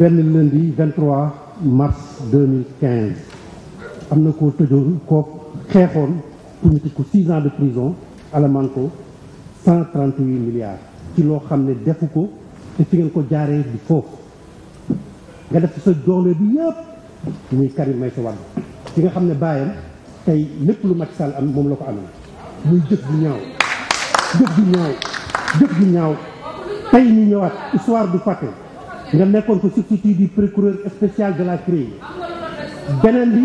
benn lundi 23 mars 2015 am na ko tëjoon koo xeexoon pour ñu ko six ans de prison alamaan ko 138 milliards ci loo xam ne defu ko te fi ngeen ko jaaree bi foofu nga def sa doole bi yëpp muy Karim Meïssa Wade ci nga xam ne bàyyam tey lépp lu mat Sall am moom la ko amee muy jëf bu ñaaw jëf bu ñaaw jëf tey ñu ñëwaat histoire du fàtte nga nekkoon ko substitut du procureur espécial de la CREI beneen bi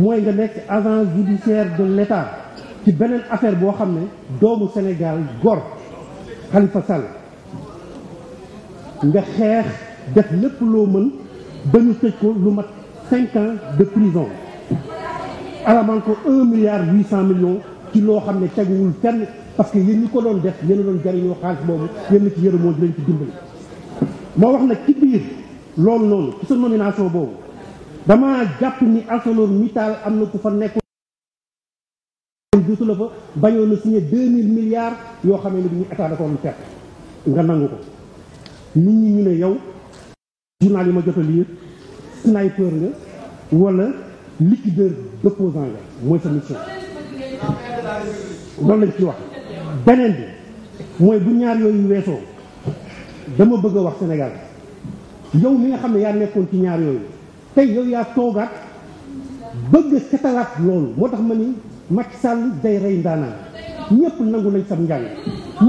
mooy nga nekk agent judiciaire de l' état ci beneen affaire boo xam ne doomu Sénégal gor Khalifa Sall nga xeex def lépp loo mën ba ñu tëj ko lu mat cinq ans de prison alamaan ko un milliard huit cent millions ci loo xam ne teguwul fenn parce que yéen ñi ko doon def yéen a doon jariñoo xaalis boobu yéen na ci yërëmoo di leen ci dimbali moo wax nag ci biir loolu noonu ci sa nomination boobu dama jàpp ni ArcelorMittal am na ku fa nekk juutu la fa bañoon na signé deux mille milliards yoo xam ne nga nangu ko nit ñi ñu ne yow journal yi ma jot a lire sniper nga wala liquideur d'opposant nga mooy sa mission loolu lañ ci wax beneen bi mooy bu ñaar yooyu weesoo dama bëgg a wax Sénégal yow mi nga xam ne yaa nekkoon ci ñaar yooyu tey yow yaa toogaat bëgg setalaat loolu moo tax ma ni Macky Sall day rey ndaanaan ñëpp nangu nañ sam njàng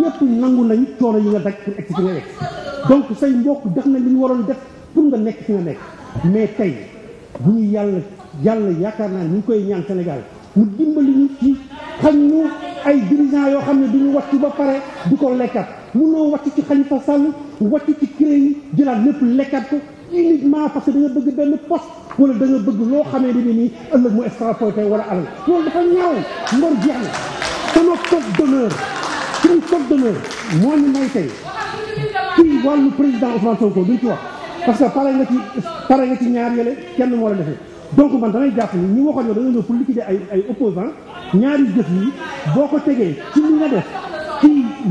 ñëpp nangu nañ coono yi nga daj pour egg si nga egg donc say mbokk def na li waroon def pour nga nekk fi nga nekk mais tey bu ñu yàlla yàlla yaakaar naa ñu ngi koy ñaan Sénégal mu dimbali ñu ci xam ñu ay dirigeants yoo xam ne du ñu wàcc ba pare du ko lekkat munoo wàcc ci Khalifa Sall wàcc ci cré yi jëlaat lépp lekkat ko uniquement parce que da nga bëgg benn poste wala da nga bëgg loo xamee ni nii ëllëg mu extrapoté wala alal loolu dafa ñaaw ngor jeex na sama code d'honneur suñu code d'honneur moo ñu may tey kii wàllu président Ousmane Sonko duñ ci wax parce que pare nga ci pare nga ci kenn moo la defee donc man damay jàpp ni ñu waxoon ne da nga ñëw pour liquider ay ay opposants ñaari jëf yi boo ko tegee ci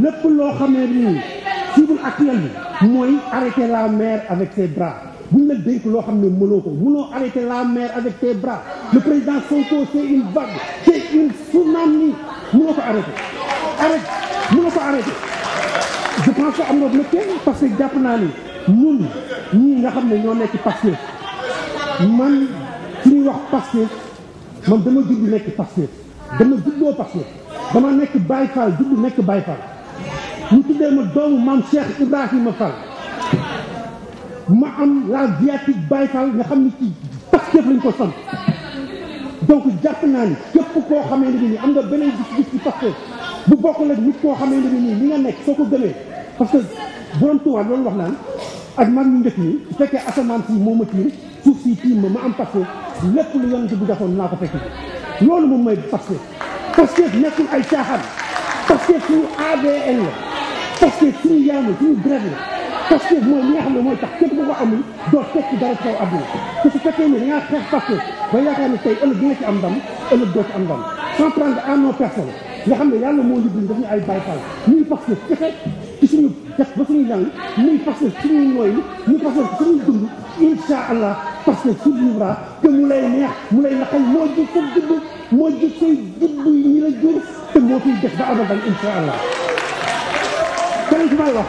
lépp loo xamee nii cible actuelle bi mooy arrêter la mer avec ses bras bu ñu la dénk loo xam ne mënoo ko mënoo arrêter la mer avec ses bras le président Sonko c'est une vague c'est une tsunami mënoo ko arrêter arrêter je pense que am na bloqué parce que jàpp naa ni ñun ñii nga xam ne ñoo nekk Pastef man ci ñuy wax Pastef man dama judd nekk Pastef dama juddoo Pastef dama nekk Baye Fall judd nekk Baye ñu tuddee ma doomu maam Cheikh Ibrahima Fall ma am la viatique Baye Fall nga xam ni ci Pastef lañu ko sant donc jàpp naa ni képp koo xamee ne nii am nga beneen gis bu bokkul ak nit koo xamee ne nii li nga nekk soo ko gëmee parce que borom Tuubaa loolu wax naan ak mag ñu njëkk ñi bu fekkee asamaan si moom ma tiim suuf si tiim ma ma am Pastef lépp lu yonent bu defoon naa ko fekk loolu moom mooy Pastef Pastef nekkul ay caaxaan Pastef suñu ADN la Pastef suñu yaam la suñu grève la Pastef mooy li nga xam ne mooy tax képp ku ko amul doo tekki dara ci kaw àdduna te su fekkee ne da ngaa xeex Pastef ba yaakaar ne tey ëllëg dina ci am ndam ëllëg doo ci am ndam sans prendre à nos personnes nga xam ne yàlla moo ñu bind daf ñu ay Baay Faal ñuy Pastef fexe ci suñu def ba suñu jàng ñuy Pastef suñuy nooy ñuy Pastef suñuy dund incha allah Pastef survivra te mu lay neex mu lay naqal moo ji sa dund moo jël say jubbu ñi la jur te moo fiy def ba abadan incha allah. keneen ki may wax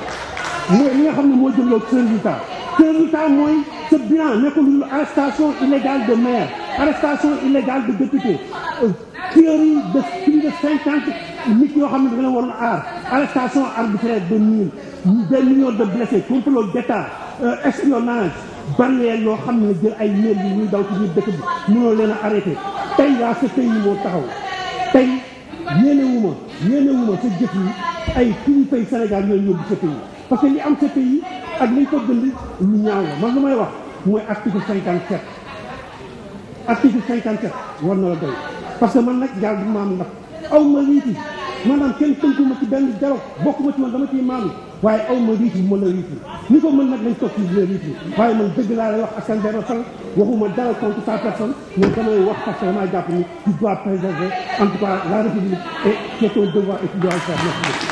mooy li nga xam ne moo jëmloo ci sa résultat sa résultat mooy sa bilan nekkul lu arrestation illégale de maire arrestation illégale de député tuerie de plus de cinquante nit yoo xam ne da nga waroon aar arrestation arbitraire de mille des millions de blessés complot d'État euh, espionnage banneel yoo xam ne jël ay yéen yi ñuy daw ci biir dëkk bi mënoo leen a arrêté tey laa sa pays moo taxaw tey yéenewuma yéenewuma sa jëf yi ay kilifay Sénégal ñooy yóbbu sa pays parce que li am sa pays ak liñ ko dënd lu ñaaw man lu wax mooy article cinquante sept article cinquante war na la doy parce que man nag gaal bi maam ndax aw ma liiti maanaam kenn tënkuma ci benn jarog ma ci woon dama ciy maam waaye aw ma riitu ma la riitu ni ko mën nag nañ toog ci la riitu waaye man dëgg laa lay wax askan benn fan waxuma dara contre sa personne mais damay wax parce que damaa jàpp ni tu dois préserver en tout cas la république et c'est ton devoir et tu